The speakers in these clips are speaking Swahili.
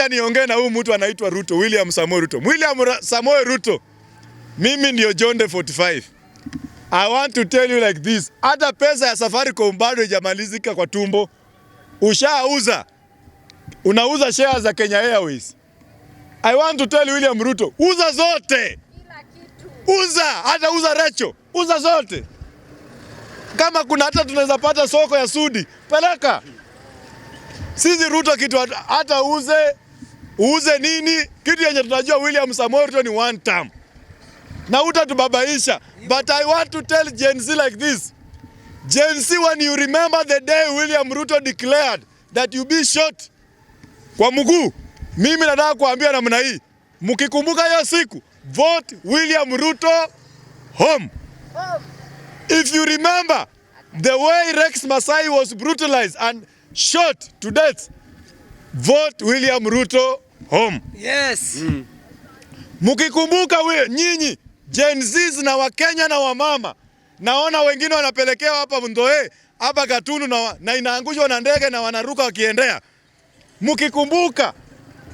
acha niongee na huyu mtu anaitwa Ruto, William Samoei Ruto. William Samoei Ruto, mimi ndio John the 45. I want to tell you like this, hata pesa ya Safaricom bado haijamalizika kwa tumbo. Ushauza, unauza shares za Kenya Airways. I want to tell William Ruto, uza zote, uza hata uza recho. uza zote. Kama kuna hata tunaweza pata soko ya Sudi, peleka. Sisi Ruto kitu hata uze uuze nini? Kitu yenye tunajua William Samoei Ruto ni one term, na hutatubabaisha. But I want to tell Gen Z like this. Gen Z, when you remember the day William Ruto declared that you be shot kwa mguu, mimi nataka kuambia namna hii, mkikumbuka hiyo siku, vote William Ruto home. If you remember the way Rex Masai was brutalized and shot to death, vote William Ruto home. Yes. Mm. Mkikumbuka we nyinyi Gen Z na Wakenya na wamama, naona wengine wanapelekewa hapa Ndoe hapa Katunu na, na inaangushwa na ndege na wanaruka wakiendea. Mkikumbuka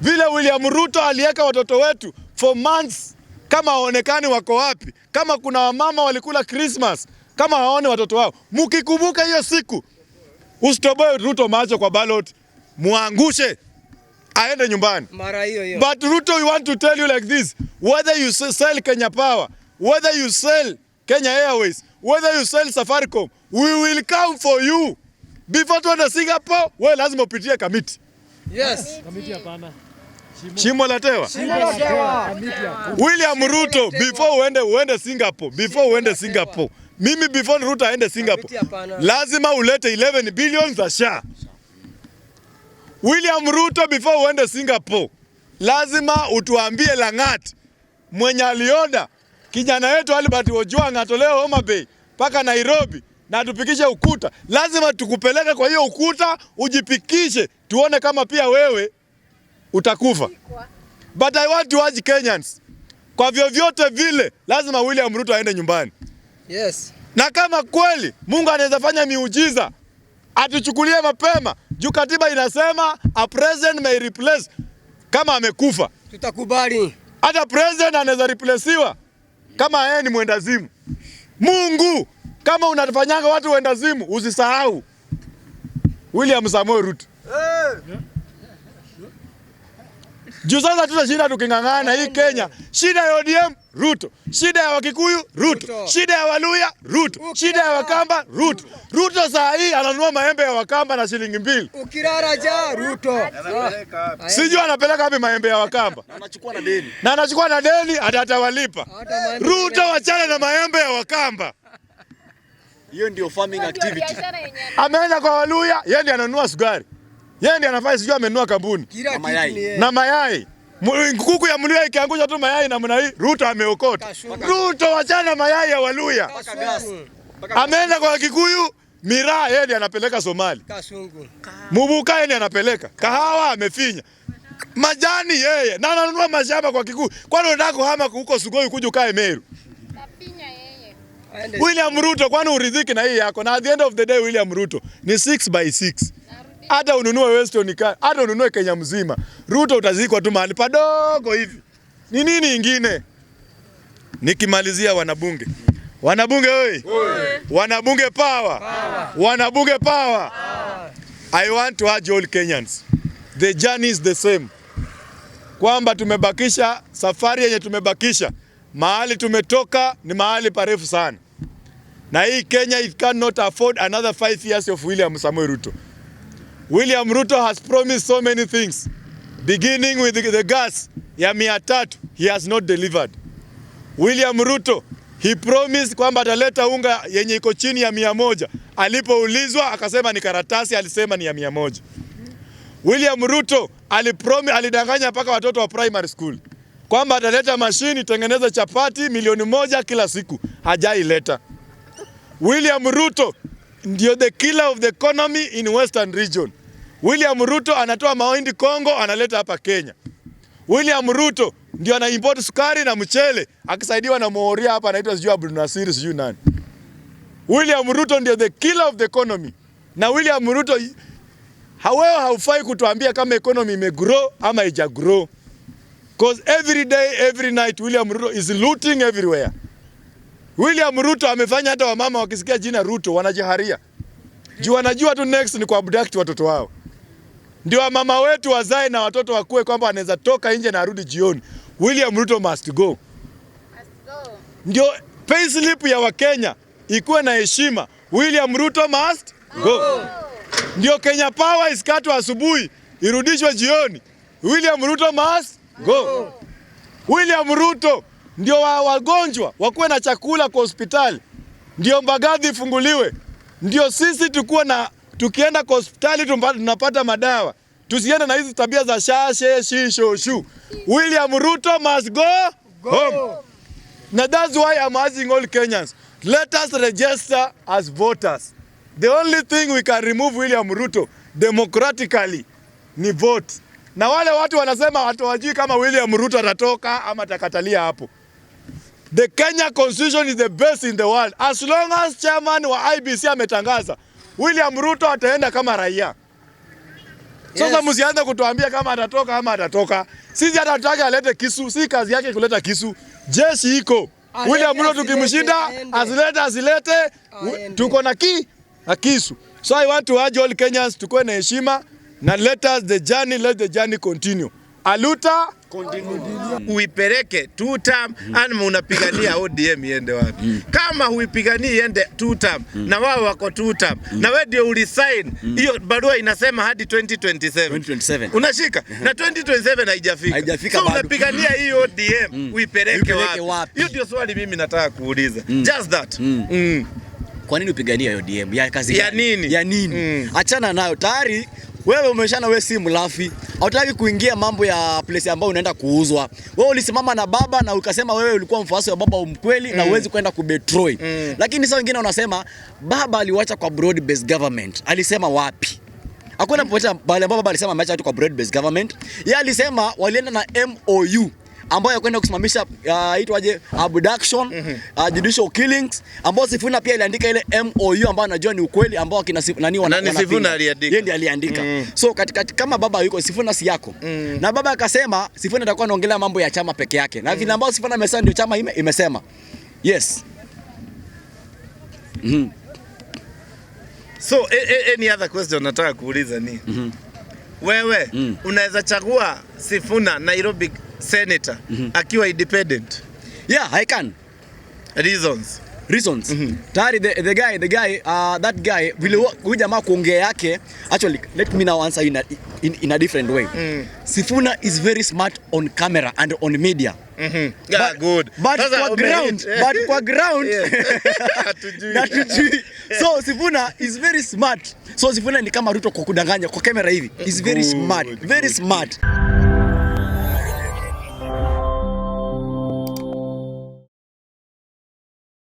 vile William Ruto aliweka watoto wetu for months kama waonekani wako wapi, kama kuna wamama walikula Christmas kama waone watoto wao. Mkikumbuka hiyo siku, usitoboe Ruto macho kwa ballot, muangushe aende nyumbani. Mara hiyo hiyo. But Ruto we want to tell you like this, whether you sell Kenya Power, whether you sell Kenya Airways, whether you sell Safaricom, we will come for you. Before to tuende Singapore, we lazima upitie kamiti. Yes. Kamiti hapana. Shimo la tewa. William Ruto before uende uende Singapore, before uende Singapore. Mimi before Ruto aende Singapore. Lazima ulete 11 billion za SHA. William Ruto, before uende Singapore, lazima utuambie Lang'at mwenye aliona kijana wetu Albert Ojwang atolewe Homa Bay mpaka Nairobi na tupikishe ukuta. Lazima tukupeleke kwa hiyo ukuta ujipikishe, tuone kama pia wewe utakufa. But I want to urge Kenyans, kwa vyovyote vile lazima William Ruto aende nyumbani. Yes. Na kama kweli Mungu anaweza fanya miujiza, atuchukulie mapema juu katiba inasema a president may replace kama amekufa. Tutakubali hata president anaweza replaceiwa kama yeye ni mwendazimu. Mungu, kama unafanyanga watu wendazimu, usisahau William Samoei Ruto. Hey. Eh. Juu sasa tuta shida tuking'ang'ana hii Kenya. Shida ya ODM Ruto, shida ya Wakikuyu Ruto, shida ya Waluya Ruto, shida ya Wakamba Ruto. Ruto saa hii ananua maembe ya Wakamba na shilingi mbili. Ukirara ja Ruto. Sijui anapeleka wapi maembe ya Wakamba. Na anachukua na deni. Na anachukua na deni atawalipa. Ruto wachana na maembe ya Wakamba. Hiyo ndio farming activity. Ameenda kwa Waluya, yeye ndiye ananunua sukari. Yeye ndiye anafanya sijui amenunua kampuni. Na mayai. Kuku ya mluya ikiangusha tu mayai na mna hii, Ruto ameokota. Ruto wachana mayai ya Waluya. Ameenda kwa Kikuyu, miraa yeye ndiye anapeleka Somali. Mubuka yeye ndiye anapeleka. Kahawa amefinya. Majani yeye na ananunua mashamba kwa Kikuyu. Kwani unataka kuhama huko Sugoi kuja ukae Meru? William Ruto, kwani uridhiki na hii yako? Na at the end of the day William Ruto ni 6 by 6 hata ununue Weston kaa, hata ununue Kenya mzima, Ruto utazikwa tu mahali padogo hivi. Ni nini ingine? Nikimalizia wanabunge, wanabunge oi, wanabunge power, wanabunge power. I want to urge all Kenyans, the journey is the same, kwamba tumebakisha safari yenye tumebakisha mahali tumetoka ni mahali parefu sana, na hii Kenya it cannot afford another five years of William Samoei Ruto. William Ruto has promised so many things beginning with the gas ya mia tatu, he has not delivered. William Ruto he promised kwamba ataleta unga yenye iko chini ya mia moja. Alipoulizwa akasema ni karatasi, alisema ni ya mia moja. William Ruto alipromi, alidanganya mpaka watoto wa primary school kwamba ataleta mashini tengeneza chapati milioni moja kila siku, hajaileta. William Ruto ndio the killer of the economy in Western region. William Ruto anatoa mahindi Kongo analeta hapa Kenya. William Ruto ndio ana import sukari na mchele akisaidiwa na Moria hapa anaitwa sijui Abdul Nasir sijui nani. William Ruto ndio the killer of the economy. Na William Ruto haweo haufai kutuambia kama economy imegrow ama ija grow. Cause every day every night William Ruto is looting everywhere. William Ruto amefanya hata wamama wakisikia jina Ruto wanajiharia. Juu wanajua tu next ni kuabduct watoto wao ndio wamama wetu wazae na watoto wakue kwamba wanaweza toka nje na arudi jioni. William Ruto must go, Ndio payslip ya Wakenya ikuwe na heshima. William Ruto must go, Ndio Kenya Power isikatwe asubuhi irudishwe jioni. William Ruto must go, go. William Ruto ndio wa wagonjwa wakuwe na chakula kwa hospitali, ndio Mbagathi ifunguliwe, ndio sisi tukuwe na Tukienda kwa hospitali tunapata madawa. Tusiende na hizi tabia za shashe shisho shu. William Ruto must go, go home. Na that's why I'm asking all Kenyans, let us register as voters. The only thing we can remove William Ruto democratically ni vote. Na wale watu wanasema watu wajui kama William Ruto atatoka ama atakatalia hapo. The Kenya constitution is the best in the world. As long as chairman wa IBC ametangaza William Ruto ataenda kama raia. Sasa yes. Msianze kutuambia kama atatoka ama atatoka. Sisi hata tutaki alete kisu, si kazi yake kuleta kisu. Jeshi iko. William Ruto tukimshinda, azilete azilete oh, tuko na ki na kisu. So I want to urge all Kenyans tukoe na heshima na let us the journey, let the journey continue. Aluta uipeleke two term mm. unapigania ODM iende wapi? Mm. Kama huipiganii iende two term mm. na wao wako two term mm. na wewe ndio ulisign hiyo barua inasema hadi 2027. 2027 unashika uh-huh. na 2027 haijafika, so unapigania hii ODM mm. uipeleke wapi? Hiyo ndio swali mimi nataka kuuliza just that Kwa nini upigania ODM ya kazi ya nini? Ya nini? Achana nayo tayari wewe umeshana, wewe si mlafi, hautaki kuingia mambo ya place ambayo unaenda kuuzwa. Wewe ulisimama na baba na ukasema wewe ulikuwa mfuasi wa baba umkweli mm. na uwezi kwenda kubetroi mm. Lakini sasa wengine wanasema baba aliwacha kwa broad based government. Alisema wapi? Hakuna popote pale ambapo baba alisema ameacha kwa broad based government. Yeye alisema walienda na MOU ambayo yakwenda kusimamisha uh, itwaje abduction mm -hmm. uh, judicial killings ambayo Sifuna pia iliandika ile MOU ambayo anajua ni ukweli ambao kina nani wana nani Sifuna aliandika yeye ndiye aliandika mm. so katika kama baba yuko Sifuna si yako mm. na baba akasema Sifuna atakuwa anaongelea mambo ya chama peke yake na mm. vile ambao Sifuna amesema ndio chama ime, imesema yes mm -hmm. So any eh, eh, eh, other question nataka kuuliza ni mm -hmm. wewe mm. unaweza chagua Sifuna Nairobi senator mm -hmm. akiwa independent yeah i can reasons reasons mm -hmm. tayari the, the guy the guy uh, that guy vile huyu jamaa kuongea yake actually let me now answer in a, in, in a different way mm. Sifuna is very smart on camera and on media mm -hmm. yeah, but, good. But That's kwa ground, but kwa ground natujui so Sifuna is very smart so Sifuna ni kama Ruto kwa kudanganya kwa kamera hivi is very smart very good. smart